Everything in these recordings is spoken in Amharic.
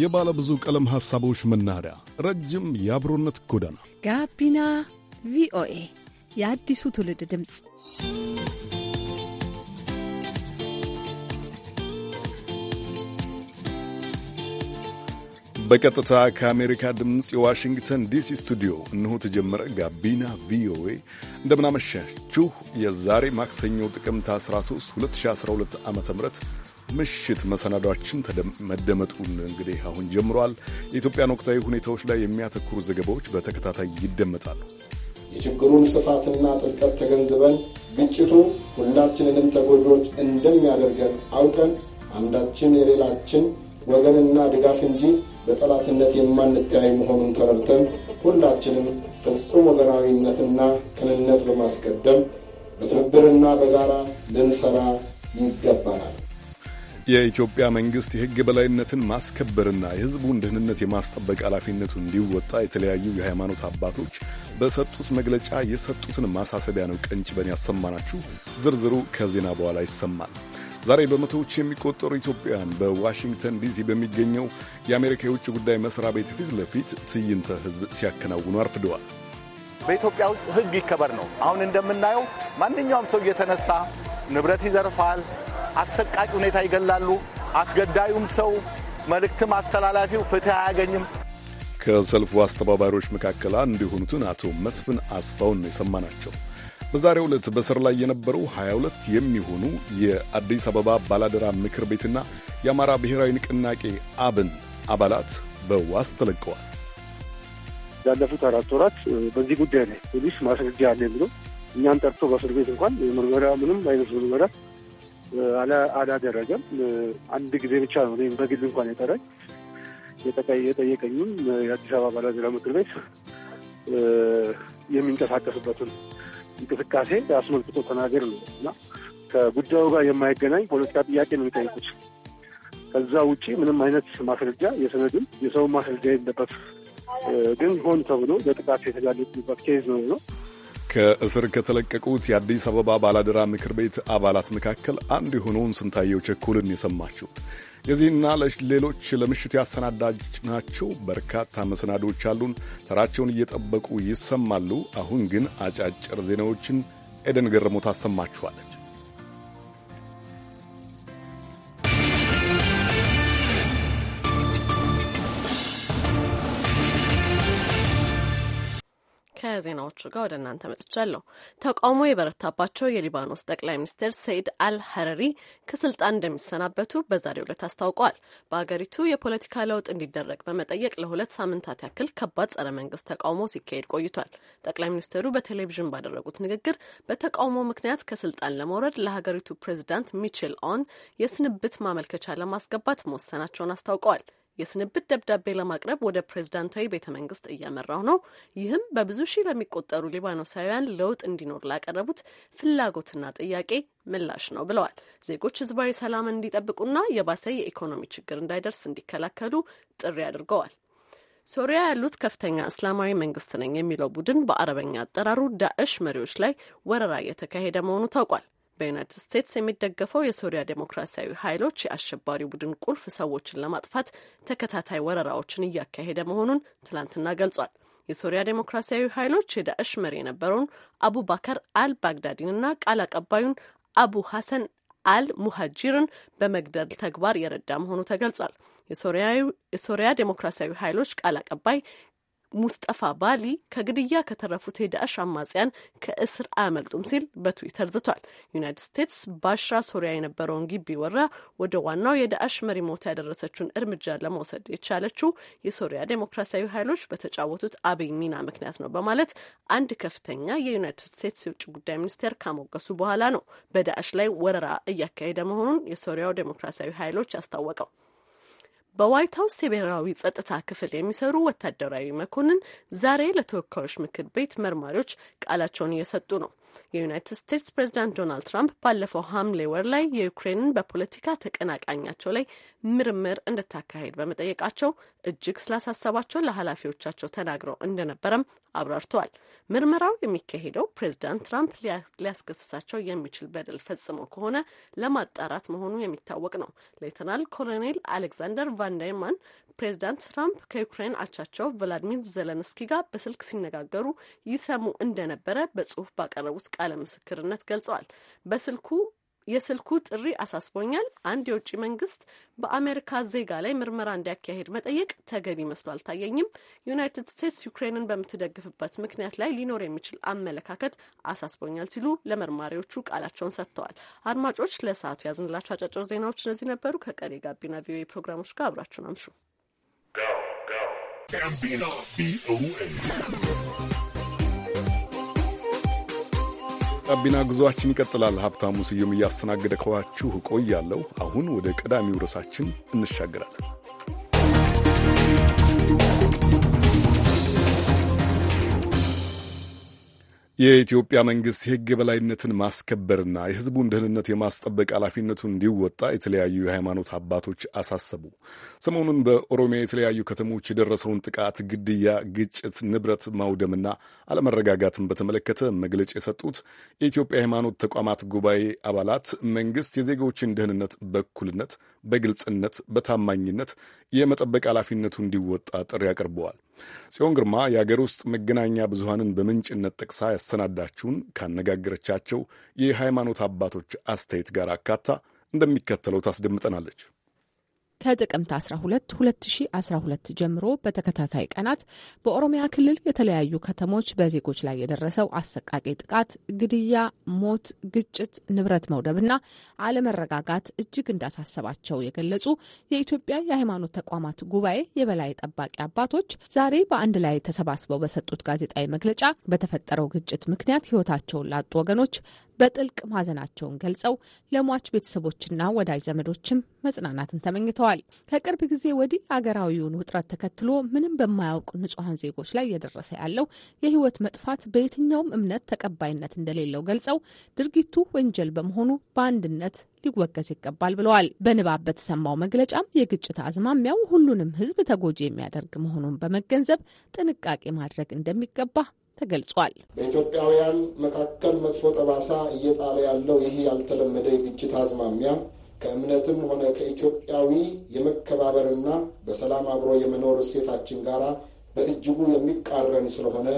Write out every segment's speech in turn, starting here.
የባለ ብዙ ቀለም ሐሳቦች መናኸሪያ፣ ረጅም የአብሮነት ጎዳና ጋቢና ቪኦኤ የአዲሱ ትውልድ ድምፅ። በቀጥታ ከአሜሪካ ድምፅ የዋሽንግተን ዲሲ ስቱዲዮ እነሆ ተጀመረ። ጋቢና ቪኦኤ እንደምናመሻችሁ። የዛሬ ማክሰኞ ጥቅምት 13 2012 ዓ ም ምሽት መሰናዷችን መደመጡን እንግዲህ አሁን ጀምሯል። የኢትዮጵያን ወቅታዊ ሁኔታዎች ላይ የሚያተኩሩ ዘገባዎች በተከታታይ ይደመጣሉ። የችግሩን ስፋትና ጥልቀት ተገንዝበን ግጭቱ ሁላችንንም ተጎጂዎች እንደሚያደርገን አውቀን አንዳችን የሌላችን ወገንና ድጋፍ እንጂ በጠላትነት የማንተያይ መሆኑን ተረድተን ሁላችንም ፍጹም ወገናዊነትና ቅንነት በማስቀደም በትብብርና በጋራ ልንሰራ ይገባናል። የኢትዮጵያ መንግስት የህግ የበላይነትን ማስከበርና የህዝቡን ደህንነት የማስጠበቅ ኃላፊነቱ እንዲወጣ የተለያዩ የሃይማኖት አባቶች በሰጡት መግለጫ የሰጡትን ማሳሰቢያ ነው ቀንጭበን ያሰማናችሁ። ዝርዝሩ ከዜና በኋላ ይሰማል። ዛሬ በመቶዎች የሚቆጠሩ ኢትዮጵያውያን በዋሽንግተን ዲሲ በሚገኘው የአሜሪካ የውጭ ጉዳይ መስሪያ ቤት ፊት ለፊት ትዕይንተ ህዝብ ሲያከናውኑ አርፍደዋል። በኢትዮጵያ ውስጥ ህግ ይከበር ነው። አሁን እንደምናየው ማንኛውም ሰው እየተነሳ ንብረት ይዘርፋል አሰቃቂ ሁኔታ ይገላሉ። አስገዳዩም ሰው መልእክትም አስተላላፊው ፍትህ አያገኝም። ከሰልፉ አስተባባሪዎች መካከል አንዱ የሆኑትን አቶ መስፍን አስፋውን ነው የሰማናቸው። በዛሬው ዕለት በስር ላይ የነበሩ 22 የሚሆኑ የአዲስ አበባ ባላደራ ምክር ቤትና የአማራ ብሔራዊ ንቅናቄ አብን አባላት በዋስ ተለቀዋል። ያለፉት አራት ወራት በዚህ ጉዳይ ላይ ፖሊስ ማስረጃ አለ ብሎ እኛን ጠርቶ በእስር ቤት እንኳን ምርመራ ምንም አይነት ምርመራ አላደረገም። አንድ ጊዜ ብቻ ነው እኔም በግል እንኳን የጠረኝ የጠየቀኝም የአዲስ አበባ ባላደራ ምክር ቤት የሚንቀሳቀስበትን እንቅስቃሴ አስመልክቶ ተናገር ነው እና ከጉዳዩ ጋር የማይገናኝ ፖለቲካ ጥያቄ ነው የሚጠይቁት። ከዛ ውጭ ምንም አይነት ማስረጃ የሰነድም የሰውን ማስረጃ የለበት። ግን ሆን ተብሎ ለጥቃት የተጋለጡበት ኬዝ ነው ነው ከእስር ከተለቀቁት የአዲስ አበባ ባላደራ ምክር ቤት አባላት መካከል አንዱ የሆነውን ስንታየው ቸኮልን የሰማችሁት። የዚህና ሌሎች ለምሽቱ ያሰናዳናቸው በርካታ መሰናዶች አሉን። ተራቸውን እየጠበቁ ይሰማሉ። አሁን ግን አጫጭር ዜናዎችን ኤደን ገረሞት አሰማችኋለች። ዜናዎቹ ጋር ወደ እናንተ መጥቻለሁ። ተቃውሞ የበረታባቸው የሊባኖስ ጠቅላይ ሚኒስትር ሰይድ አል ሀረሪ ከስልጣን እንደሚሰናበቱ በዛሬው ዕለት አስታውቀዋል። በሀገሪቱ የፖለቲካ ለውጥ እንዲደረግ በመጠየቅ ለሁለት ሳምንታት ያክል ከባድ ጸረ መንግስት ተቃውሞ ሲካሄድ ቆይቷል። ጠቅላይ ሚኒስትሩ በቴሌቪዥን ባደረጉት ንግግር በተቃውሞ ምክንያት ከስልጣን ለመውረድ ለሀገሪቱ ፕሬዚዳንት ሚችል ኦን የስንብት ማመልከቻ ለማስገባት መወሰናቸውን አስታውቀዋል። የስንብት ደብዳቤ ለማቅረብ ወደ ፕሬዝዳንታዊ ቤተ መንግስት እያመራው ነው። ይህም በብዙ ሺህ ለሚቆጠሩ ሊባኖሳውያን ለውጥ እንዲኖር ላቀረቡት ፍላጎትና ጥያቄ ምላሽ ነው ብለዋል። ዜጎች ህዝባዊ ሰላም እንዲጠብቁና የባሰ የኢኮኖሚ ችግር እንዳይደርስ እንዲከላከሉ ጥሪ አድርገዋል። ሶሪያ ያሉት ከፍተኛ እስላማዊ መንግስት ነኝ የሚለው ቡድን በአረበኛ አጠራሩ ዳዕሽ መሪዎች ላይ ወረራ እየተካሄደ መሆኑ ታውቋል። በዩናይትድ ስቴትስ የሚደገፈው የሶሪያ ዴሞክራሲያዊ ኃይሎች የአሸባሪ ቡድን ቁልፍ ሰዎችን ለማጥፋት ተከታታይ ወረራዎችን እያካሄደ መሆኑን ትላንትና ገልጿል። የሶሪያ ዴሞክራሲያዊ ኃይሎች የዳእሽ መሪ የነበረውን አቡባከር አል ባግዳዲንና ቃል አቀባዩን አቡ ሐሰን አል ሙሀጂርን በመግደል ተግባር የረዳ መሆኑ ተገልጿል። የሶሪያ ዴሞክራሲያዊ ኃይሎች ቃል አቀባይ ሙስጠፋ ባሊ ከግድያ ከተረፉት የዳእሽ አማጽያን ከእስር አያመልጡም ሲል በትዊተር ዝቷል። ዩናይትድ ስቴትስ ባሽራ ሶሪያ የነበረውን ግቢ ወራ ወደ ዋናው የዳእሽ መሪ ሞት ያደረሰችውን እርምጃ ለመውሰድ የቻለችው የሶሪያ ዴሞክራሲያዊ ኃይሎች በተጫወቱት አብይ ሚና ምክንያት ነው በማለት አንድ ከፍተኛ የዩናይትድ ስቴትስ የውጭ ጉዳይ ሚኒስቴር ካሞገሱ በኋላ ነው በዳእሽ ላይ ወረራ እያካሄደ መሆኑን የሶሪያው ዴሞክራሲያዊ ኃይሎች አስታወቀው። በዋይት ሀውስ የብሔራዊ ጸጥታ ክፍል የሚሰሩ ወታደራዊ መኮንን ዛሬ ለተወካዮች ምክር ቤት መርማሪዎች ቃላቸውን እየሰጡ ነው። የዩናይትድ ስቴትስ ፕሬዚዳንት ዶናልድ ትራምፕ ባለፈው ሐምሌ ወር ላይ የዩክሬንን በፖለቲካ ተቀናቃኛቸው ላይ ምርምር እንድታካሄድ በመጠየቃቸው እጅግ ስላሳሰባቸው ለኃላፊዎቻቸው ተናግረው እንደነበረም አብራርተዋል። ምርመራው የሚካሄደው ፕሬዚዳንት ትራምፕ ሊያስከስሳቸው የሚችል በደል ፈጽመው ከሆነ ለማጣራት መሆኑ የሚታወቅ ነው። ሌተናል ኮሎኔል አሌክዛንደር ቫንዳይማን ፕሬዚዳንት ትራምፕ ከዩክሬን አቻቸው ቭላዲሚር ዘለንስኪ ጋር በስልክ ሲነጋገሩ ይሰሙ እንደነበረ በጽሁፍ ባቀረቡት ቃለ ምስክርነት ገልጸዋል። በስልኩ የስልኩ ጥሪ አሳስቦኛል። አንድ የውጭ መንግስት በአሜሪካ ዜጋ ላይ ምርመራ እንዲያካሄድ መጠየቅ ተገቢ መስሎ አልታየኝም። ዩናይትድ ስቴትስ ዩክሬንን በምትደግፍበት ምክንያት ላይ ሊኖር የሚችል አመለካከት አሳስቦኛል ሲሉ ለመርማሪዎቹ ቃላቸውን ሰጥተዋል። አድማጮች፣ ለሰዓቱ ያዝንላቸው አጫጭር ዜናዎች እነዚህ ነበሩ። ከቀሪ ጋቢና ቪኦኤ ፕሮግራሞች ጋር አብራችሁን አምሹ። ጋቢና ጉዞአችን ይቀጥላል። ሀብታሙ ስዩም እያስተናገደ ከዋችሁ እቆያለሁ። አሁን ወደ ቀዳሚው ርዕሳችን እንሻገራለን። የኢትዮጵያ መንግስት የህግ የበላይነትን ማስከበርና የህዝቡን ደህንነት የማስጠበቅ ኃላፊነቱን እንዲወጣ የተለያዩ የሃይማኖት አባቶች አሳሰቡ። ሰሞኑን በኦሮሚያ የተለያዩ ከተሞች የደረሰውን ጥቃት፣ ግድያ፣ ግጭት፣ ንብረት ማውደምና አለመረጋጋትን በተመለከተ መግለጫ የሰጡት የኢትዮጵያ ሃይማኖት ተቋማት ጉባኤ አባላት መንግስት የዜጎችን ደህንነት በእኩልነት፣ በግልጽነት፣ በታማኝነት የመጠበቅ ኃላፊነቱ እንዲወጣ ጥሪ አቅርበዋል። ጽዮን ግርማ የአገር ውስጥ መገናኛ ብዙሃንን በምንጭነት ጠቅሳ ያሰናዳችውን ካነጋገረቻቸው የሃይማኖት አባቶች አስተያየት ጋር አካታ እንደሚከተለው ታስደምጠናለች። ከጥቅምት 12 2012 ጀምሮ በተከታታይ ቀናት በኦሮሚያ ክልል የተለያዩ ከተሞች በዜጎች ላይ የደረሰው አሰቃቂ ጥቃት፣ ግድያ፣ ሞት፣ ግጭት፣ ንብረት መውደብና አለመረጋጋት እጅግ እንዳሳሰባቸው የገለጹ የኢትዮጵያ የሃይማኖት ተቋማት ጉባኤ የበላይ ጠባቂ አባቶች ዛሬ በአንድ ላይ ተሰባስበው በሰጡት ጋዜጣዊ መግለጫ በተፈጠረው ግጭት ምክንያት ሕይወታቸውን ላጡ ወገኖች በጥልቅ ማዘናቸውን ገልጸው ለሟች ቤተሰቦችና ወዳጅ ዘመዶችም መጽናናትን ተመኝተዋል። ከቅርብ ጊዜ ወዲህ አገራዊውን ውጥረት ተከትሎ ምንም በማያውቅ ንጹሐን ዜጎች ላይ እየደረሰ ያለው የህይወት መጥፋት በየትኛውም እምነት ተቀባይነት እንደሌለው ገልጸው ድርጊቱ ወንጀል በመሆኑ በአንድነት ሊወገዝ ይገባል ብለዋል። በንባብ በተሰማው መግለጫም የግጭት አዝማሚያው ሁሉንም ህዝብ ተጎጂ የሚያደርግ መሆኑን በመገንዘብ ጥንቃቄ ማድረግ እንደሚገባ ተገልጿል። በኢትዮጵያውያን መካከል መጥፎ ጠባሳ እየጣለ ያለው ይህ ያልተለመደ የግጭት አዝማሚያ ከእምነትም ሆነ ከኢትዮጵያዊ የመከባበርና በሰላም አብሮ የመኖር እሴታችን ጋራ በእጅጉ የሚቃረን ስለሆነ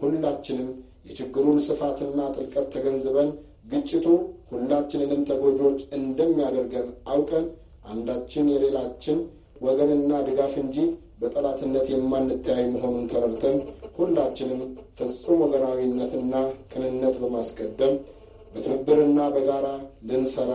ሁላችንም የችግሩን ስፋትና ጥልቀት ተገንዝበን ግጭቱ ሁላችንንም ተጎጆች እንደሚያደርገን አውቀን አንዳችን የሌላችን ወገንና ድጋፍ እንጂ በጠላትነት የማንተያይ መሆኑን ተረድተን ሁላችንም ፍጹም ወገናዊነትና ቅንነት በማስቀደም በትብብርና በጋራ ልንሰራ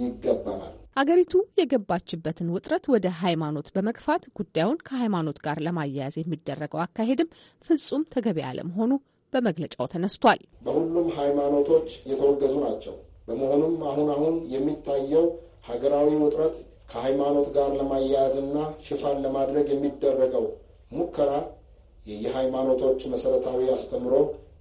ይገባናል። አገሪቱ የገባችበትን ውጥረት ወደ ሃይማኖት በመግፋት ጉዳዩን ከሃይማኖት ጋር ለማያያዝ የሚደረገው አካሄድም ፍጹም ተገቢ አለመሆኑ በመግለጫው ተነስቷል። በሁሉም ሃይማኖቶች የተወገዙ ናቸው። በመሆኑም አሁን አሁን የሚታየው ሀገራዊ ውጥረት ከሃይማኖት ጋር ለማያያዝና ሽፋን ለማድረግ የሚደረገው ሙከራ የየሃይማኖቶች መሠረታዊ አስተምሮ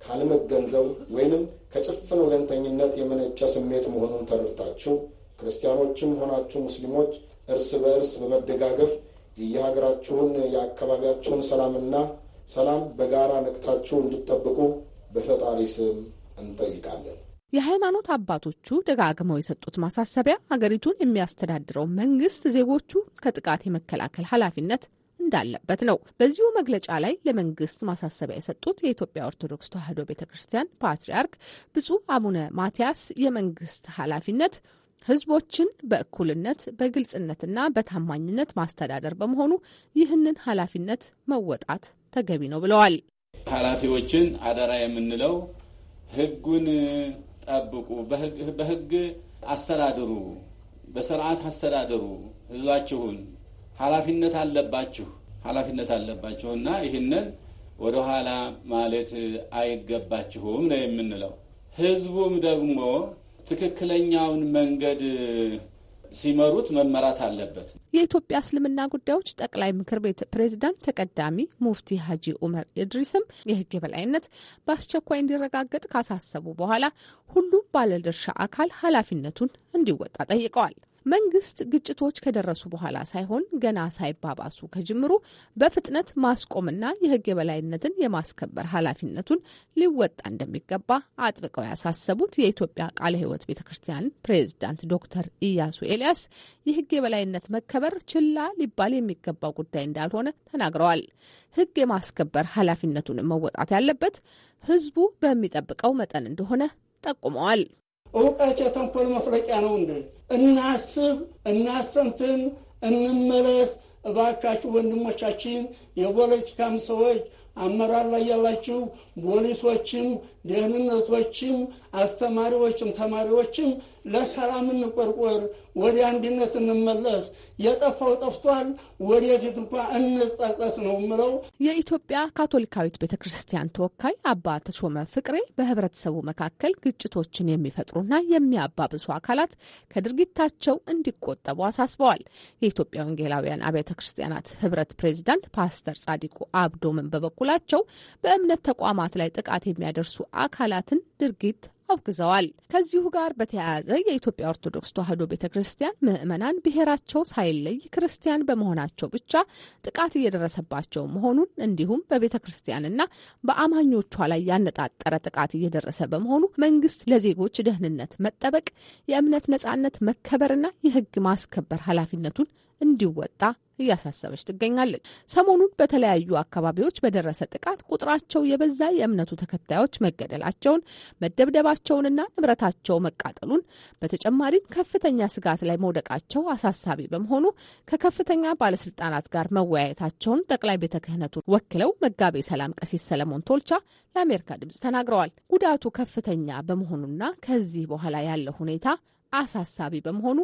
ካለመገንዘብ ወይንም ከጭፍን ወገንተኝነት የመነጨ ስሜት መሆኑን ተረድታችሁ ክርስቲያኖችም ሆናችሁ ሙስሊሞች እርስ በእርስ በመደጋገፍ የየሀገራችሁን የአካባቢያችሁን ሰላምና ሰላም በጋራ ነቅታችሁ እንድጠብቁ በፈጣሪ ስም እንጠይቃለን። የሃይማኖት አባቶቹ ደጋግመው የሰጡት ማሳሰቢያ ሀገሪቱን የሚያስተዳድረው መንግስት ዜጎቹ ከጥቃት የመከላከል ኃላፊነት እንዳለበት ነው። በዚሁ መግለጫ ላይ ለመንግስት ማሳሰቢያ የሰጡት የኢትዮጵያ ኦርቶዶክስ ተዋሕዶ ቤተ ክርስቲያን ፓትርያርክ ብፁዕ አቡነ ማትያስ የመንግስት ኃላፊነት ህዝቦችን በእኩልነት በግልጽነትና በታማኝነት ማስተዳደር በመሆኑ ይህንን ኃላፊነት መወጣት ተገቢ ነው ብለዋል። ኃላፊዎችን አደራ የምንለው ህጉን ጠብቁ፣ በህግ አስተዳድሩ፣ በስርዓት አስተዳድሩ፣ ህዝባችሁን ኃላፊነት አለባችሁ ኃላፊነት አለባቸው እና ይህንን ወደኋላ ማለት አይገባችሁም ነው የምንለው። ህዝቡም ደግሞ ትክክለኛውን መንገድ ሲመሩት መመራት አለበት። የኢትዮጵያ እስልምና ጉዳዮች ጠቅላይ ምክር ቤት ፕሬዝዳንት ተቀዳሚ ሙፍቲ ሀጂ ኡመር ኢድሪስም የህግ የበላይነት በአስቸኳይ እንዲረጋገጥ ካሳሰቡ በኋላ ሁሉም ባለድርሻ አካል ኃላፊነቱን እንዲወጣ ጠይቀዋል። መንግስት ግጭቶች ከደረሱ በኋላ ሳይሆን ገና ሳይባባሱ ከጅምሩ በፍጥነት ማስቆምና የህግ የበላይነትን የማስከበር ኃላፊነቱን ሊወጣ እንደሚገባ አጥብቀው ያሳሰቡት የኢትዮጵያ ቃለ ህይወት ቤተ ክርስቲያን ፕሬዝዳንት ዶክተር ኢያሱ ኤልያስ የህግ የበላይነት መከበር ችላ ሊባል የሚገባው ጉዳይ እንዳልሆነ ተናግረዋል። ህግ የማስከበር ኃላፊነቱን መወጣት ያለበት ህዝቡ በሚጠብቀው መጠን እንደሆነ ጠቁመዋል። እውቀት የተንኮል መፍለቂያ ነው እንዴ? እናስብ፣ እናሰንትን፣ እንመለስ እባካችሁ ወንድሞቻችን፣ የፖለቲካም ሰዎች አመራር ላይ ያላችሁ ፖሊሶችም፣ ደህንነቶችም፣ አስተማሪዎችም፣ ተማሪዎችም ለሰላም እንቆርቆር፣ ወደ አንድነት እንመለስ። የጠፋው ጠፍቷል፣ ወደፊት እንኳ እንጸጸት ነው ምለው። የኢትዮጵያ ካቶሊካዊት ቤተ ክርስቲያን ተወካይ አባ ተሾመ ፍቅሬ በህብረተሰቡ መካከል ግጭቶችን የሚፈጥሩና የሚያባብሱ አካላት ከድርጊታቸው እንዲቆጠቡ አሳስበዋል። የኢትዮጵያ ወንጌላውያን አብያተ ክርስቲያናት ህብረት ፕሬዚዳንት ፓስተር ጻዲቁ አብዶምን በበኩላቸው በእምነት ተቋማት ላይ ጥቃት የሚያደርሱ አካላትን ድርጊት አውግዘዋል። ከዚሁ ጋር በተያያዘ የኢትዮጵያ ኦርቶዶክስ ተዋሕዶ ቤተ ክርስቲያን ምዕመናን ብሔራቸው ሳይለይ ክርስቲያን በመሆናቸው ብቻ ጥቃት እየደረሰባቸው መሆኑን እንዲሁም በቤተ ክርስቲያንና በአማኞቿ ላይ ያነጣጠረ ጥቃት እየደረሰ በመሆኑ መንግስት ለዜጎች ደህንነት መጠበቅ፣ የእምነት ነጻነት መከበርና የህግ ማስከበር ኃላፊነቱን እንዲወጣ እያሳሰበች ትገኛለች። ሰሞኑን በተለያዩ አካባቢዎች በደረሰ ጥቃት ቁጥራቸው የበዛ የእምነቱ ተከታዮች መገደላቸውን መደብደባ መውደማቸውንና ንብረታቸው መቃጠሉን በተጨማሪም ከፍተኛ ስጋት ላይ መውደቃቸው አሳሳቢ በመሆኑ ከከፍተኛ ባለስልጣናት ጋር መወያየታቸውን ጠቅላይ ቤተ ክህነቱን ወክለው መጋቤ ሰላም ቀሲስ ሰለሞን ቶልቻ ለአሜሪካ ድምጽ ተናግረዋል። ጉዳቱ ከፍተኛ በመሆኑና ከዚህ በኋላ ያለው ሁኔታ አሳሳቢ በመሆኑ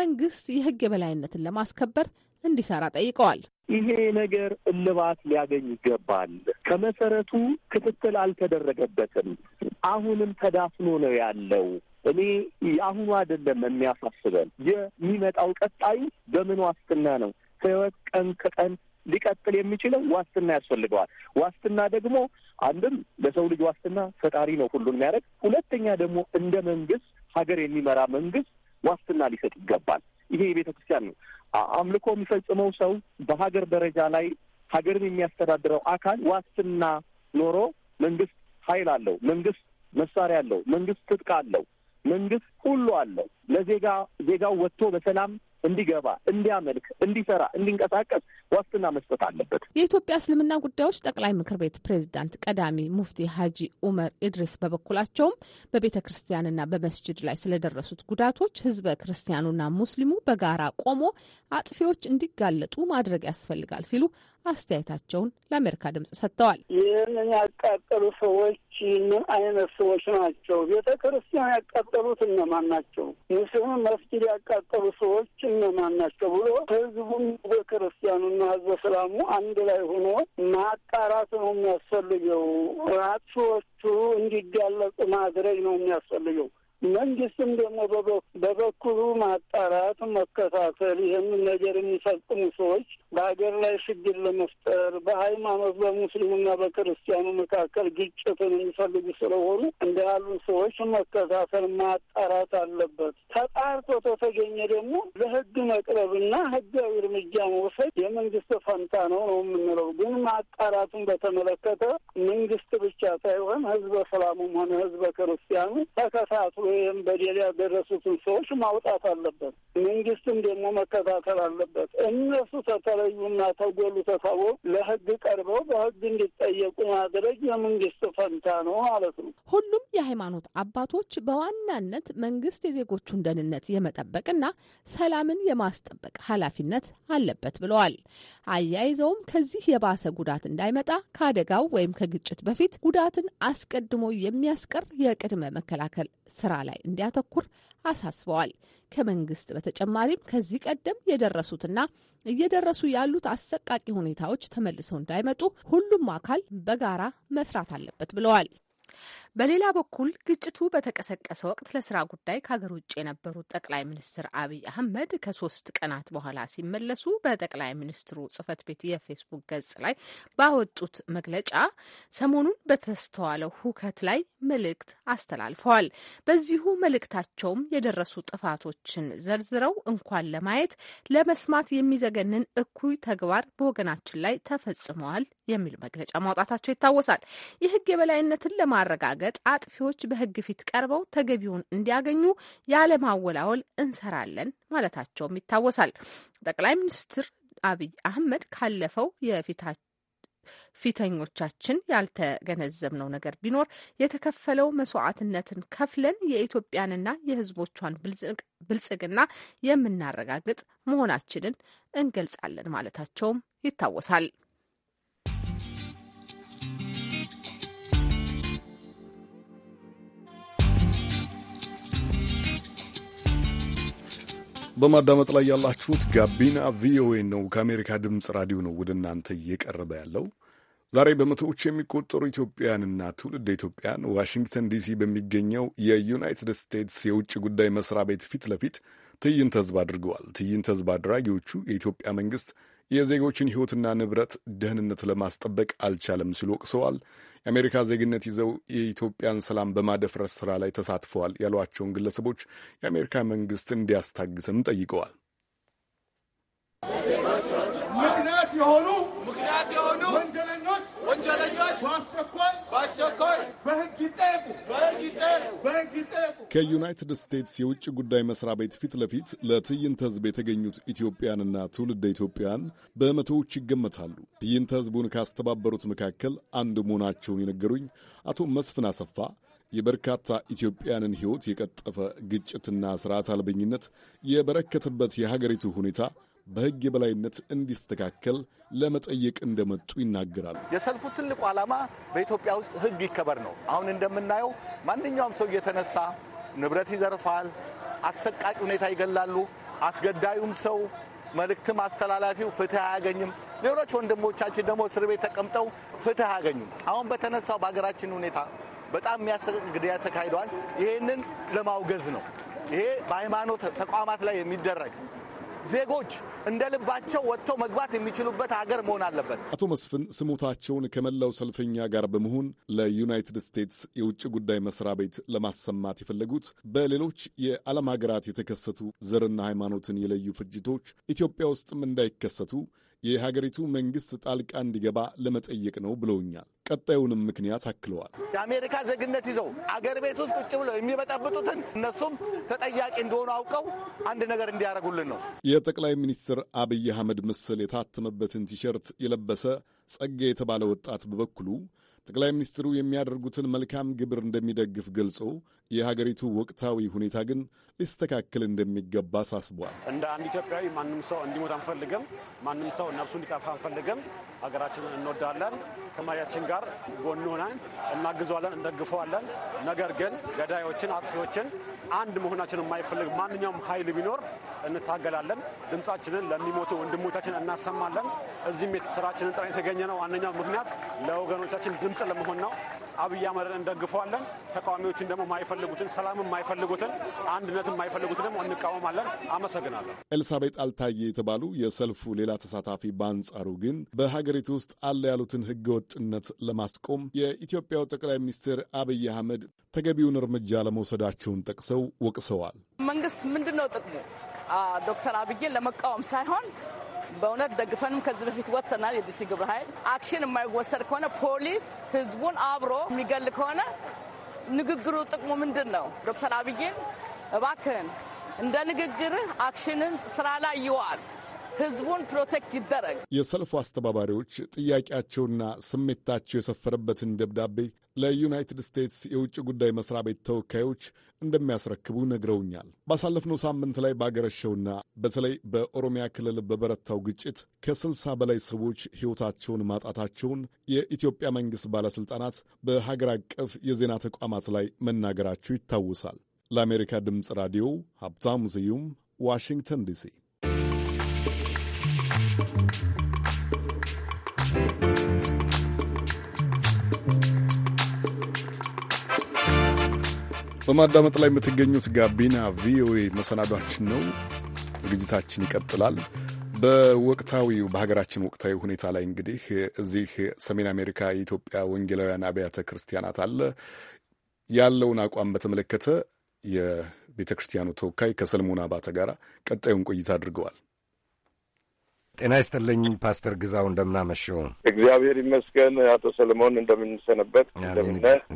መንግስት የህግ የበላይነትን ለማስከበር እንዲሰራ ጠይቀዋል። ይሄ ነገር እልባት ሊያገኝ ይገባል። ከመሰረቱ ክትትል አልተደረገበትም። አሁንም ተዳፍኖ ነው ያለው። እኔ የአሁኑ አይደለም የሚያሳስበን፣ የሚመጣው ቀጣዩ በምን ዋስትና ነው? ህይወት ቀን ከቀን ሊቀጥል የሚችለው ዋስትና ያስፈልገዋል። ዋስትና ደግሞ አንድም ለሰው ልጅ ዋስትና ፈጣሪ ነው ሁሉን የሚያደርግ፣ ሁለተኛ ደግሞ እንደ መንግስት ሀገር የሚመራ መንግስት ዋስትና ሊሰጥ ይገባል። ይሄ የቤተ ክርስቲያን ነው። አምልኮ የሚፈጽመው ሰው በሀገር ደረጃ ላይ ሀገርን የሚያስተዳድረው አካል ዋስትና ኖሮ መንግስት ኃይል አለው፣ መንግስት መሳሪያ አለው፣ መንግስት ትጥቅ አለው፣ መንግስት ሁሉ አለው። ለዜጋ ዜጋው ወጥቶ በሰላም እንዲገባ፣ እንዲያመልክ፣ እንዲሰራ፣ እንዲንቀሳቀስ ዋስትና መስጠት አለበት። የኢትዮጵያ እስልምና ጉዳዮች ጠቅላይ ምክር ቤት ፕሬዚዳንት ቀዳሚ ሙፍቲ ሀጂ ኡመር ኢድሪስ በበኩላቸውም በቤተ ክርስቲያንና በመስጅድ ላይ ስለደረሱት ጉዳቶች ህዝበ ክርስቲያኑና ሙስሊሙ በጋራ ቆሞ አጥፊዎች እንዲጋለጡ ማድረግ ያስፈልጋል ሲሉ አስተያየታቸውን ለአሜሪካ ድምጽ ሰጥተዋል። ይህንን ያቃጠሉ ሰዎች ምን አይነት ሰዎች ናቸው? ቤተ ክርስቲያን ያቃጠሉት እነማን ናቸው? ምስሉ መስጊድ ያቃጠሉ ሰዎች እነማን ናቸው ብሎ ህዝቡም ቤተ ክርስቲያኑና ህዝበ ሰላሙ አንድ ላይ ሆኖ ማጣራት ነው የሚያስፈልገው። ራሶቹ እንዲጋለጡ ማድረግ ነው የሚያስፈልገው። መንግስትም ደግሞ በበኩሉ ማጣራት፣ መከታተል ይህን ነገር የሚፈጽሙ ሰዎች በሀገር ላይ ሽግር ለመፍጠር በሃይማኖት በሙስሊሙና በክርስቲያኑ መካከል ግጭትን የሚፈልጉ ስለሆኑ እንደ ያሉ ሰዎች መከታተል ማጣራት አለበት። ተጣርቶ ተተገኘ ደግሞ ለህግ መቅረብና ህጋዊ እርምጃ መውሰድ የመንግስት ፈንታ ነው ነው የምንለው። ግን ማጣራቱን በተመለከተ መንግስት ብቻ ሳይሆን ህዝበ ሰላሙም ሆነ ህዝበ ክርስቲያኑ ተከታትሎ ይህም በደል ያደረሱትን ሰዎች ማውጣት አለበት። መንግስትም ደግሞ መከታተል አለበት። እነሱ ተተ ተበዩና ተጎሉ ተሰቦ ለህግ ቀርበው በህግ እንዲጠየቁ ማድረግ የመንግስት ፈንታ ነው ማለት ነው። ሁሉም የሃይማኖት አባቶች በዋናነት መንግስት የዜጎቹን ደህንነት የመጠበቅና ሰላምን የማስጠበቅ ኃላፊነት አለበት ብለዋል። አያይዘውም ከዚህ የባሰ ጉዳት እንዳይመጣ ከአደጋው ወይም ከግጭት በፊት ጉዳትን አስቀድሞ የሚያስቀር የቅድመ መከላከል ስራ ላይ እንዲያተኩር አሳስበዋል። ከመንግስት በተጨማሪም ከዚህ ቀደም የደረሱትና እየደረሱ ያሉት አሰቃቂ ሁኔታዎች ተመልሰው እንዳይመጡ ሁሉም አካል በጋራ መስራት አለበት ብለዋል። በሌላ በኩል ግጭቱ በተቀሰቀሰ ወቅት ለስራ ጉዳይ ከሀገር ውጭ የነበሩት ጠቅላይ ሚኒስትር አብይ አህመድ ከሶስት ቀናት በኋላ ሲመለሱ በጠቅላይ ሚኒስትሩ ጽህፈት ቤት የፌስቡክ ገጽ ላይ ባወጡት መግለጫ ሰሞኑን በተስተዋለው ሁከት ላይ መልእክት አስተላልፈዋል። በዚሁ መልእክታቸውም የደረሱ ጥፋቶችን ዘርዝረው እንኳን ለማየት ለመስማት የሚዘገንን እኩይ ተግባር በወገናችን ላይ ተፈጽመዋል የሚል መግለጫ ማውጣታቸው ይታወሳል። የህግ የበላይነትን ለማረጋ ለማረጋገጥ አጥፊዎች በሕግ ፊት ቀርበው ተገቢውን እንዲያገኙ ያለማወላወል እንሰራለን ማለታቸውም ይታወሳል። ጠቅላይ ሚኒስትር አብይ አህመድ ካለፈው የፊታ ፊተኞቻችን ያልተገነዘብነው ነገር ቢኖር የተከፈለው መስዋዕትነትን ከፍለን የኢትዮጵያንና የህዝቦቿን ብልጽግና የምናረጋግጥ መሆናችንን እንገልጻለን ማለታቸውም ይታወሳል። በማዳመጥ ላይ ያላችሁት ጋቢና ቪኦኤ ነው። ከአሜሪካ ድምፅ ራዲዮ ነው ወደ እናንተ እየቀረበ ያለው። ዛሬ በመቶዎች የሚቆጠሩ ኢትዮጵያውያንና ትውልድ ኢትዮጵያን ዋሽንግተን ዲሲ በሚገኘው የዩናይትድ ስቴትስ የውጭ ጉዳይ መስሪያ ቤት ፊት ለፊት ትዕይንተ ህዝብ አድርገዋል። ትዕይንተ ህዝብ አድራጊዎቹ የኢትዮጵያ መንግስት የዜጎችን ሕይወትና ንብረት ደህንነት ለማስጠበቅ አልቻለም ሲሉ ወቅሰዋል። የአሜሪካ ዜግነት ይዘው የኢትዮጵያን ሰላም በማደፍረስ ስራ ላይ ተሳትፈዋል ያሏቸውን ግለሰቦች የአሜሪካ መንግስት እንዲያስታግስም ጠይቀዋል። ምክንያት የሆኑ ወንጀለኞች በአስቸኳይ በአስቸኳይ ይጠየቁ ይጠየቁ ይጠየቁ። ከዩናይትድ ስቴትስ የውጭ ጉዳይ መስሪያ ቤት ፊት ለፊት ለትዕይንተ ህዝብ የተገኙት ኢትዮጵያንና ትውልደ ኢትዮጵያን በመቶዎች ይገመታሉ። ትዕይንተ ህዝቡን ካስተባበሩት መካከል አንድ መሆናቸውን የነገሩኝ አቶ መስፍን አሰፋ የበርካታ ኢትዮጵያንን ሕይወት የቀጠፈ ግጭትና ስርዓት አልበኝነት የበረከተበት የሀገሪቱ ሁኔታ በሕግ የበላይነት እንዲስተካከል ለመጠየቅ እንደመጡ ይናገራል። የሰልፉ ትልቁ ዓላማ በኢትዮጵያ ውስጥ ሕግ ይከበር ነው። አሁን እንደምናየው ማንኛውም ሰው እየተነሳ ንብረት ይዘርፋል፣ አሰቃቂ ሁኔታ ይገላሉ። አስገዳዩም ሰው መልእክትም አስተላላፊው ፍትህ አያገኝም። ሌሎች ወንድሞቻችን ደግሞ እስር ቤት ተቀምጠው ፍትህ አያገኙም። አሁን በተነሳው በሀገራችን ሁኔታ በጣም የሚያሰቅ ግድያ ተካሂደዋል። ይህንን ለማውገዝ ነው። ይሄ በሃይማኖት ተቋማት ላይ የሚደረግ ዜጎች እንደ ልባቸው ወጥተው መግባት የሚችሉበት ሀገር መሆን አለበት። አቶ መስፍን ስሞታቸውን ከመላው ሰልፈኛ ጋር በመሆን ለዩናይትድ ስቴትስ የውጭ ጉዳይ መስሪያ ቤት ለማሰማት የፈለጉት በሌሎች የዓለም ሀገራት የተከሰቱ ዘርና ሃይማኖትን የለዩ ፍጅቶች ኢትዮጵያ ውስጥም እንዳይከሰቱ የሀገሪቱ መንግስት ጣልቃ እንዲገባ ለመጠየቅ ነው ብለውኛል። ቀጣዩንም ምክንያት አክለዋል። የአሜሪካ ዜግነት ይዘው አገር ቤት ውስጥ ቁጭ ብለው የሚበጠብጡትን እነሱም ተጠያቂ እንደሆኑ አውቀው አንድ ነገር እንዲያደርጉልን ነው። የጠቅላይ ሚኒስትር አብይ አህመድ ምስል የታተመበትን ቲሸርት የለበሰ ጸጋ የተባለ ወጣት በበኩሉ ጠቅላይ ሚኒስትሩ የሚያደርጉትን መልካም ግብር እንደሚደግፍ ገልጾ የሀገሪቱ ወቅታዊ ሁኔታ ግን ሊስተካከል እንደሚገባ አሳስቧል። እንደ አንድ ኢትዮጵያዊ ማንም ሰው እንዲሞት አንፈልግም። ማንም ሰው ነፍሱ እንዲጠፋ አንፈልግም። ሀገራችንን እንወዳለን። ከመሪያችን ጋር ጎን ሆነን እናግዘዋለን፣ እንደግፈዋለን። ነገር ግን ገዳዮችን፣ አጥፊዎችን አንድ መሆናችን የማይፈልግ ማንኛውም ኃይል ቢኖር እንታገላለን። ድምፃችንን ለሚሞቱ ወንድሞቻችን እናሰማለን። እዚህም ስራችንን ጥራ የተገኘ ነው። ዋነኛው ምክንያት ለወገኖቻችን ድምፅ ለመሆን ነው። አብይ አህመድን እንደግፈዋለን። ተቃዋሚዎችን ደግሞ ማይፈልጉትን ሰላምን ማይፈልጉትን አንድነትን ማይፈልጉትን ደግሞ እንቃወማለን። አመሰግናለሁ። ኤልሳቤጥ አልታየ የተባሉ የሰልፉ ሌላ ተሳታፊ በአንጻሩ ግን በሀገሪቱ ውስጥ አለ ያሉትን ህገወጥነት ለማስቆም የኢትዮጵያው ጠቅላይ ሚኒስትር አብይ አህመድ ተገቢውን እርምጃ ለመውሰዳቸውን ጠቅሰው ወቅሰዋል። መንግስት ምንድን ነው ጥቅሙ? ዶክተር አብይን ለመቃወም ሳይሆን በእውነት ደግፈንም ከዚህ በፊት ወጥተናል። የዲሲ ግብረ ኃይል አክሽን የማይወሰድ ከሆነ ፖሊስ ህዝቡን አብሮ የሚገል ከሆነ ንግግሩ ጥቅሙ ምንድን ነው? ዶክተር አብይን እባክህን እንደ ንግግርህ አክሽንን ስራ ላይ ይዋል። ህዝቡን ፕሮቴክት ይደረግ። የሰልፉ አስተባባሪዎች ጥያቄያቸውና ስሜታቸው የሰፈረበትን ደብዳቤ ለዩናይትድ ስቴትስ የውጭ ጉዳይ መስሪያ ቤት ተወካዮች እንደሚያስረክቡ ነግረውኛል። ባሳለፍነው ሳምንት ላይ ባገረሸውና በተለይ በኦሮሚያ ክልል በበረታው ግጭት ከስልሳ በላይ ሰዎች ሕይወታቸውን ማጣታቸውን የኢትዮጵያ መንግሥት ባለሥልጣናት በሀገር አቀፍ የዜና ተቋማት ላይ መናገራቸው ይታወሳል። ለአሜሪካ ድምፅ ራዲዮ ሀብታሙ ስዩም ዋሽንግተን ዲሲ በማዳመጥ ላይ የምትገኙት ጋቢና ቪኦኤ መሰናዷችን ነው። ዝግጅታችን ይቀጥላል። በወቅታዊው በሀገራችን ወቅታዊ ሁኔታ ላይ እንግዲህ እዚህ ሰሜን አሜሪካ የኢትዮጵያ ወንጌላውያን አብያተ ክርስቲያናት አለ ያለውን አቋም በተመለከተ የቤተ ክርስቲያኑ ተወካይ ከሰለሞን አባተ ጋር ቀጣዩን ቆይታ አድርገዋል። ጤና ይስጥልኝ ፓስተር ግዛው እንደምናመሸው። እግዚአብሔር ይመስገን አቶ ሰለሞን እንደምንሰነበት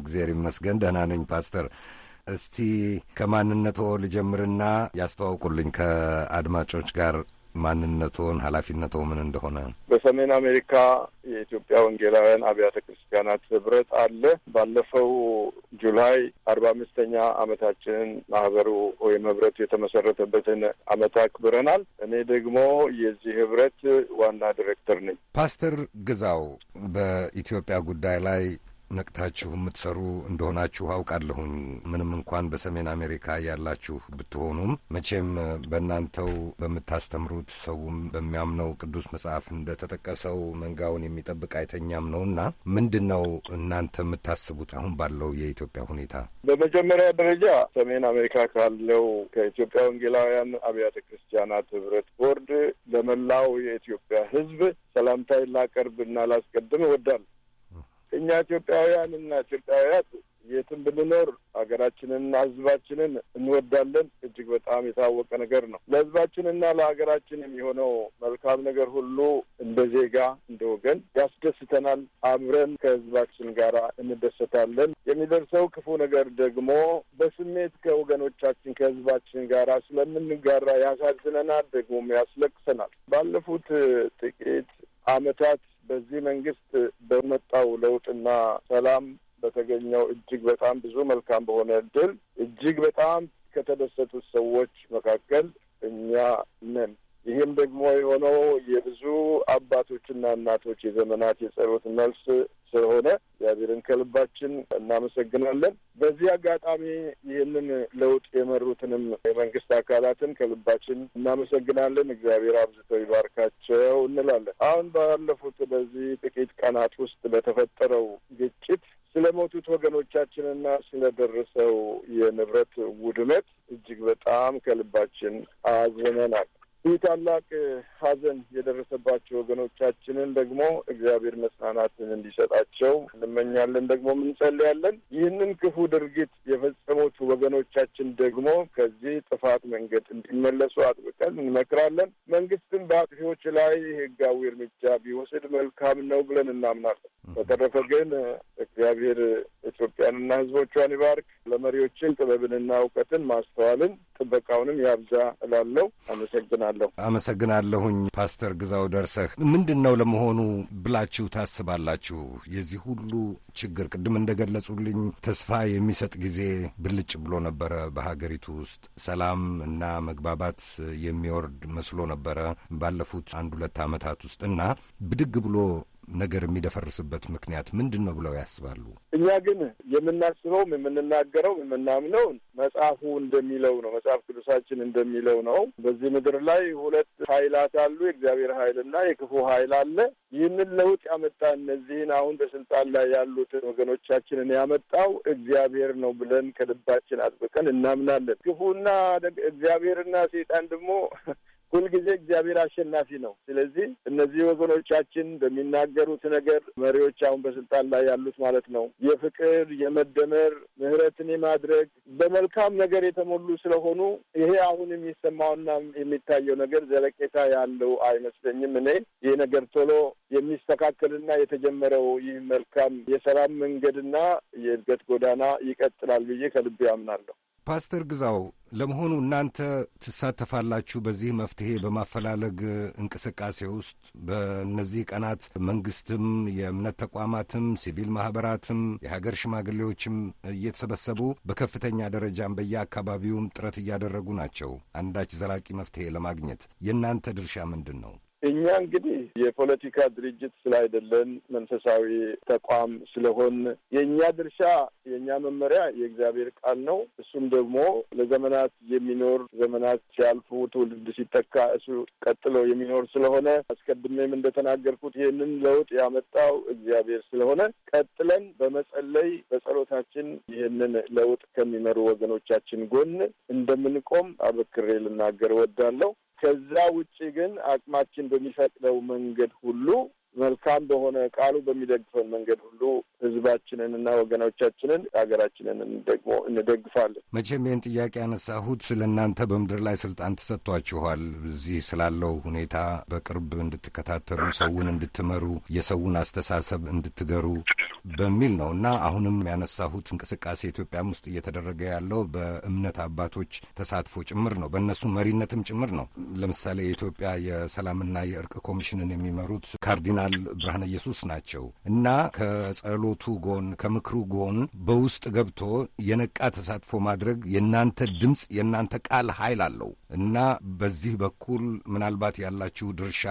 እግዚአብሔር ይመስገን ደህና ነኝ ፓስተር። እስቲ ከማንነቶ ልጀምርና ያስተዋውቁልኝ ከአድማጮች ጋር ማንነቶን ኃላፊነቶ ምን እንደሆነ በሰሜን አሜሪካ የኢትዮጵያ ወንጌላውያን አብያተ ክርስቲያናት ህብረት አለ። ባለፈው ጁላይ አርባ አምስተኛ አመታችንን ማህበሩ ወይም ህብረቱ የተመሰረተበትን አመት አክብረናል። እኔ ደግሞ የዚህ ህብረት ዋና ዲሬክተር ነኝ። ፓስተር ግዛው በኢትዮጵያ ጉዳይ ላይ ነቅታችሁ የምትሰሩ እንደሆናችሁ አውቃለሁኝ። ምንም እንኳን በሰሜን አሜሪካ ያላችሁ ብትሆኑም መቼም በእናንተው በምታስተምሩት ሰውም በሚያምነው ቅዱስ መጽሐፍ እንደተጠቀሰው መንጋውን የሚጠብቅ አይተኛም ነውና ምንድን ነው እናንተ የምታስቡት አሁን ባለው የኢትዮጵያ ሁኔታ? በመጀመሪያ ደረጃ ሰሜን አሜሪካ ካለው ከኢትዮጵያ ወንጌላውያን አብያተ ክርስቲያናት ህብረት ቦርድ ለመላው የኢትዮጵያ ህዝብ ሰላምታይ ላቀርብና ላስቀድም እወዳለሁ። እኛ ኢትዮጵያውያን እና ኢትዮጵያውያት የትም ብንኖር ሀገራችንንና ህዝባችንን እንወዳለን። እጅግ በጣም የታወቀ ነገር ነው። ለህዝባችንና ለሀገራችን የሚሆነው መልካም ነገር ሁሉ እንደ ዜጋ እንደ ወገን ያስደስተናል። አብረን ከህዝባችን ጋር እንደሰታለን። የሚደርሰው ክፉ ነገር ደግሞ በስሜት ከወገኖቻችን ከህዝባችን ጋር ስለምንጋራ ያሳዝነናል፣ ደግሞም ያስለቅሰናል። ባለፉት ጥቂት አመታት በዚህ መንግስት በመጣው ለውጥና ሰላም በተገኘው እጅግ በጣም ብዙ መልካም በሆነ እድል እጅግ በጣም ከተደሰቱት ሰዎች መካከል እኛ ነን። ይህም ደግሞ የሆነው የብዙ አባቶችና እናቶች የዘመናት የጸሎት መልስ ስለሆነ እግዚአብሔርን ከልባችን እናመሰግናለን። በዚህ አጋጣሚ ይህንን ለውጥ የመሩትንም የመንግስት አካላትን ከልባችን እናመሰግናለን። እግዚአብሔር አብዝቶ ይባርካቸው እንላለን። አሁን ባለፉት በዚህ ጥቂት ቀናት ውስጥ በተፈጠረው ግጭት ስለ ሞቱት ወገኖቻችንና ስለደረሰው የንብረት ውድመት እጅግ በጣም ከልባችን አዝነናል። ይህ ታላቅ ሐዘን የደረሰባቸው ወገኖቻችንን ደግሞ እግዚአብሔር መጽናናትን እንዲሰጣቸው እንመኛለን፣ ደግሞ እንጸልያለን። ይህንን ክፉ ድርጊት የፈጸሙት ወገኖቻችን ደግሞ ከዚህ ጥፋት መንገድ እንዲመለሱ አጥብቀን እንመክራለን። መንግስትም በአጥፊዎች ላይ ሕጋዊ እርምጃ ቢወስድ መልካም ነው ብለን እናምናለን። በተረፈ ግን እግዚአብሔር ኢትዮጵያንና ሕዝቦቿን ይባርክ። ለመሪዎችን ጥበብንና እውቀትን ማስተዋልን ጥበቃውንም ያብዛ እላለሁ። አመሰግናለሁ። አመሰግናለሁ። አመሰግናለሁኝ ፓስተር ግዛው ደርሰህ። ምንድን ነው ለመሆኑ ብላችሁ ታስባላችሁ? የዚህ ሁሉ ችግር ቅድም እንደገለጹልኝ ተስፋ የሚሰጥ ጊዜ ብልጭ ብሎ ነበረ በሀገሪቱ ውስጥ ሰላም እና መግባባት የሚወርድ መስሎ ነበረ ባለፉት አንድ ሁለት ዓመታት ውስጥ እና ብድግ ብሎ ነገር የሚደፈርስበት ምክንያት ምንድን ነው ብለው ያስባሉ? እኛ ግን የምናስበውም የምንናገረው የምናምነው መጽሐፉ እንደሚለው ነው። መጽሐፍ ቅዱሳችን እንደሚለው ነው። በዚህ ምድር ላይ ሁለት ኃይላት አሉ። የእግዚአብሔር ኃይልና የክፉ ኃይል አለ። ይህንን ለውጥ ያመጣ እነዚህን አሁን በስልጣን ላይ ያሉትን ወገኖቻችንን ያመጣው እግዚአብሔር ነው ብለን ከልባችን አጥብቀን እናምናለን። ክፉና እግዚአብሔርና ሴጣን ደግሞ ሁልጊዜ እግዚአብሔር አሸናፊ ነው። ስለዚህ እነዚህ ወገኖቻችን በሚናገሩት ነገር መሪዎች አሁን በስልጣን ላይ ያሉት ማለት ነው የፍቅር የመደመር ምህረትን የማድረግ በመልካም ነገር የተሞሉ ስለሆኑ ይሄ አሁን የሚሰማውና የሚታየው ነገር ዘለቄታ ያለው አይመስለኝም። እኔ ይህ ነገር ቶሎ የሚስተካከልና የተጀመረው ይህ መልካም የሰላም መንገድና የእድገት ጎዳና ይቀጥላል ብዬ ከልቤ አምናለሁ። ፓስተር ግዛው ለመሆኑ እናንተ ትሳተፋላችሁ በዚህ መፍትሄ በማፈላለግ እንቅስቃሴ ውስጥ? በእነዚህ ቀናት መንግስትም፣ የእምነት ተቋማትም፣ ሲቪል ማህበራትም፣ የሀገር ሽማግሌዎችም እየተሰበሰቡ በከፍተኛ ደረጃም በየአካባቢውም ጥረት እያደረጉ ናቸው አንዳች ዘላቂ መፍትሄ ለማግኘት። የእናንተ ድርሻ ምንድን ነው? እኛ እንግዲህ የፖለቲካ ድርጅት ስላይደለን መንፈሳዊ ተቋም ስለሆን የእኛ ድርሻ የእኛ መመሪያ የእግዚአብሔር ቃል ነው። እሱም ደግሞ ለዘመናት የሚኖር ዘመናት ሲያልፉ ትውልድ ሲተካ እሱ ቀጥሎ የሚኖር ስለሆነ አስቀድሜም እንደተናገርኩት ይህንን ለውጥ ያመጣው እግዚአብሔር ስለሆነ ቀጥለን በመጸለይ በጸሎታችን ይህንን ለውጥ ከሚመሩ ወገኖቻችን ጎን እንደምንቆም አበክሬ ልናገር እወዳለሁ። ከዛ ውጭ ግን አቅማችን በሚፈቅደው መንገድ ሁሉ መልካም በሆነ ቃሉ በሚደግፈን መንገድ ሁሉ ህዝባችንን እና ወገኖቻችንን ሀገራችንን ደግሞ እንደግፋለን። መቼም ይህን ጥያቄ ያነሳሁት ስለ እናንተ በምድር ላይ ስልጣን ተሰጥቷችኋል። እዚህ ስላለው ሁኔታ በቅርብ እንድትከታተሉ፣ ሰውን እንድትመሩ፣ የሰውን አስተሳሰብ እንድትገሩ በሚል ነው እና አሁንም ያነሳሁት እንቅስቃሴ ኢትዮጵያም ውስጥ እየተደረገ ያለው በእምነት አባቶች ተሳትፎ ጭምር ነው፣ በእነሱ መሪነትም ጭምር ነው። ለምሳሌ የኢትዮጵያ የሰላምና የእርቅ ኮሚሽንን የሚመሩት ካርዲና ጀነራል ብርሃነ ኢየሱስ ናቸው እና ከጸሎቱ ጎን ከምክሩ ጎን በውስጥ ገብቶ የነቃ ተሳትፎ ማድረግ የእናንተ ድምፅ የእናንተ ቃል ኃይል አለው እና በዚህ በኩል ምናልባት ያላችሁ ድርሻ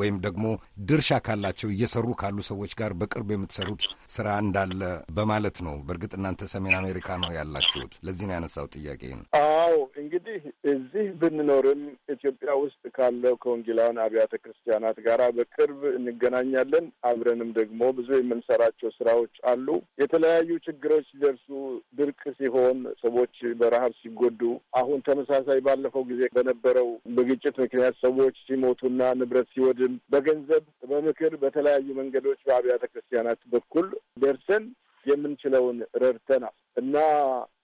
ወይም ደግሞ ድርሻ ካላቸው እየሰሩ ካሉ ሰዎች ጋር በቅርብ የምትሰሩት ስራ እንዳለ በማለት ነው። በእርግጥ እናንተ ሰሜን አሜሪካ ነው ያላችሁት። ለዚህ ነው ያነሳው ጥያቄ ነው። አዎ እንግዲህ እዚህ ብንኖርም ኢትዮጵያ ውስጥ ካለው ከወንጌላውያን አብያተ ክርስቲያናት ጋር በቅርብ እንገናኛለን። አብረንም ደግሞ ብዙ የምንሰራቸው ስራዎች አሉ። የተለያዩ ችግሮች ሲደርሱ፣ ድርቅ ሲሆን፣ ሰዎች በረሀብ ሲጎዱ፣ አሁን ተመሳሳይ ባለፈው ጊዜ በነበረው በግጭት ምክንያት ሰዎች ሲሞቱና ንብረት ሲወድም በገንዘብ በምክር፣ በተለያዩ መንገዶች በአብያተ ክርስቲያናት በኩል ደርሰን የምንችለውን ረድተናል እና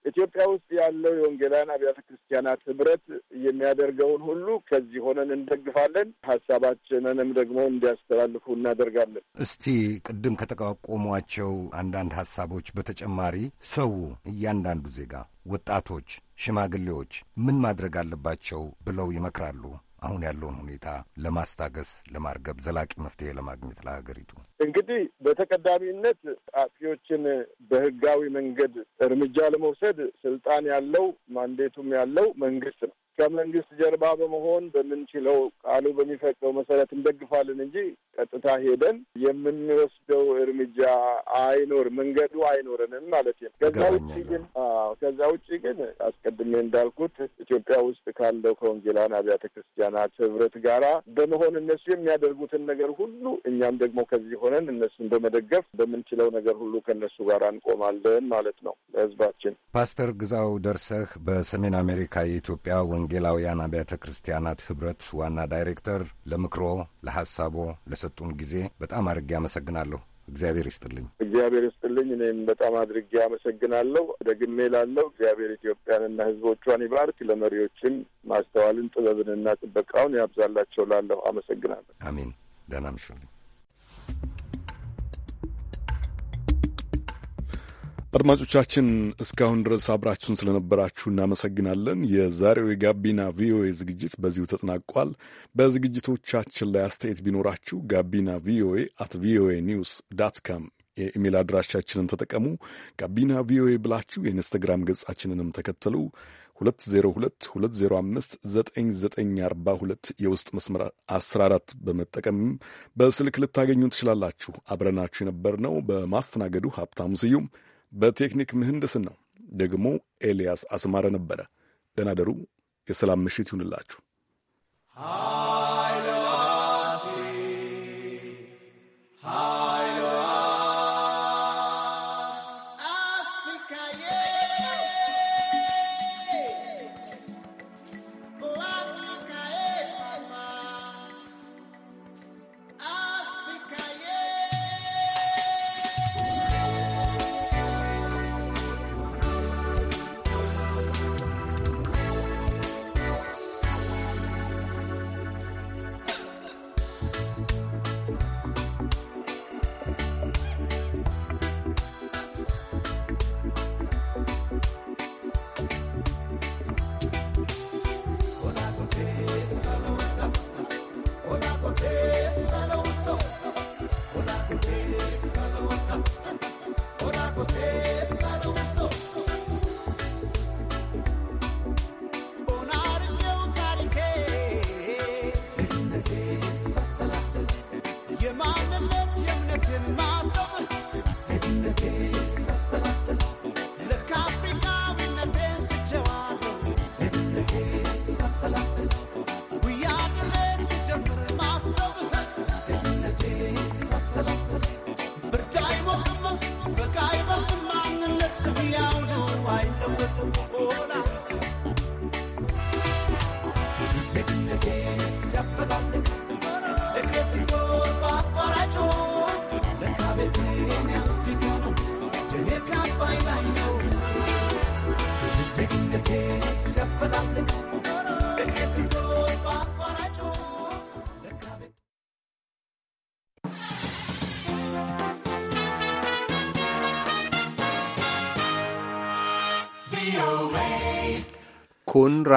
ኢትዮጵያ ውስጥ ያለው የወንጌላን አብያተ ክርስቲያናት ህብረት የሚያደርገውን ሁሉ ከዚህ ሆነን እንደግፋለን። ሀሳባችንንም ደግሞ እንዲያስተላልፉ እናደርጋለን። እስቲ ቅድም ከተቋቋሟቸው አንዳንድ ሀሳቦች በተጨማሪ ሰው እያንዳንዱ ዜጋ፣ ወጣቶች፣ ሽማግሌዎች ምን ማድረግ አለባቸው ብለው ይመክራሉ? አሁን ያለውን ሁኔታ ለማስታገስ፣ ለማርገብ፣ ዘላቂ መፍትሄ ለማግኘት ለሀገሪቱ እንግዲህ በተቀዳሚነት አጥፊዎችን በህጋዊ መንገድ እርምጃ ለመውሰድ ስልጣን ያለው ማንዴቱም ያለው መንግስት ነው። ከመንግስት ጀርባ በመሆን በምንችለው ቃሉ በሚፈቅደው መሰረት እንደግፋለን እንጂ ቀጥታ ሄደን የምንወስደው እርምጃ አይኖር መንገዱ አይኖረንም ማለት ነው። ከዛ ውጭ ግን ከዛ ውጭ ግን አስቀድሜ እንዳልኩት ኢትዮጵያ ውስጥ ካለው ከወንጌላን አብያተ ክርስቲያናት ህብረት ጋራ በመሆን እነሱ የሚያደርጉትን ነገር ሁሉ እኛም ደግሞ ከዚህ ሆነን እነሱን በመደገፍ በምንችለው ነገር ሁሉ ከእነሱ ጋር እንቆማለን ማለት ነው። ለህዝባችን ፓስተር ግዛው ደርሰህ በሰሜን አሜሪካ የኢትዮጵያ ወንጌላውያን አብያተ ክርስቲያናት ኅብረት ዋና ዳይሬክተር፣ ለምክሮ፣ ለሐሳቦ ለሰጡን ጊዜ በጣም አድርጌ አመሰግናለሁ። እግዚአብሔር ይስጥልኝ። እግዚአብሔር ይስጥልኝ። እኔም በጣም አድርጌ አመሰግናለሁ። ደግሜ ላለው እግዚአብሔር ኢትዮጵያንና ሕዝቦቿን ይባርክ። ለመሪዎችም ማስተዋልን ጥበብንና ጥበቃውን ያብዛላቸው። ላለሁ አመሰግናለሁ። አሚን። ደህና አድማጮቻችን እስካሁን ድረስ አብራችሁን ስለነበራችሁ እናመሰግናለን። የዛሬው የጋቢና ቪኦኤ ዝግጅት በዚሁ ተጠናቋል። በዝግጅቶቻችን ላይ አስተያየት ቢኖራችሁ ጋቢና ቪኦኤ አት ቪኦኤ ኒውስ ዳት ካም የኢሜል አድራሻችንን ተጠቀሙ። ጋቢና ቪኦኤ ብላችሁ የኢንስተግራም ገጻችንንም ተከተሉ። 2022059942 የውስጥ መስመር 14 በመጠቀም በስልክ ልታገኙ ትችላላችሁ። አብረናችሁ የነበር ነው በማስተናገዱ ሀብታሙ ስዩም በቴክኒክ ምህንድስና ነው ደግሞ ኤልያስ አስማረ ነበረ። ደናደሩ የሰላም ምሽት ይሁንላችሁ። kun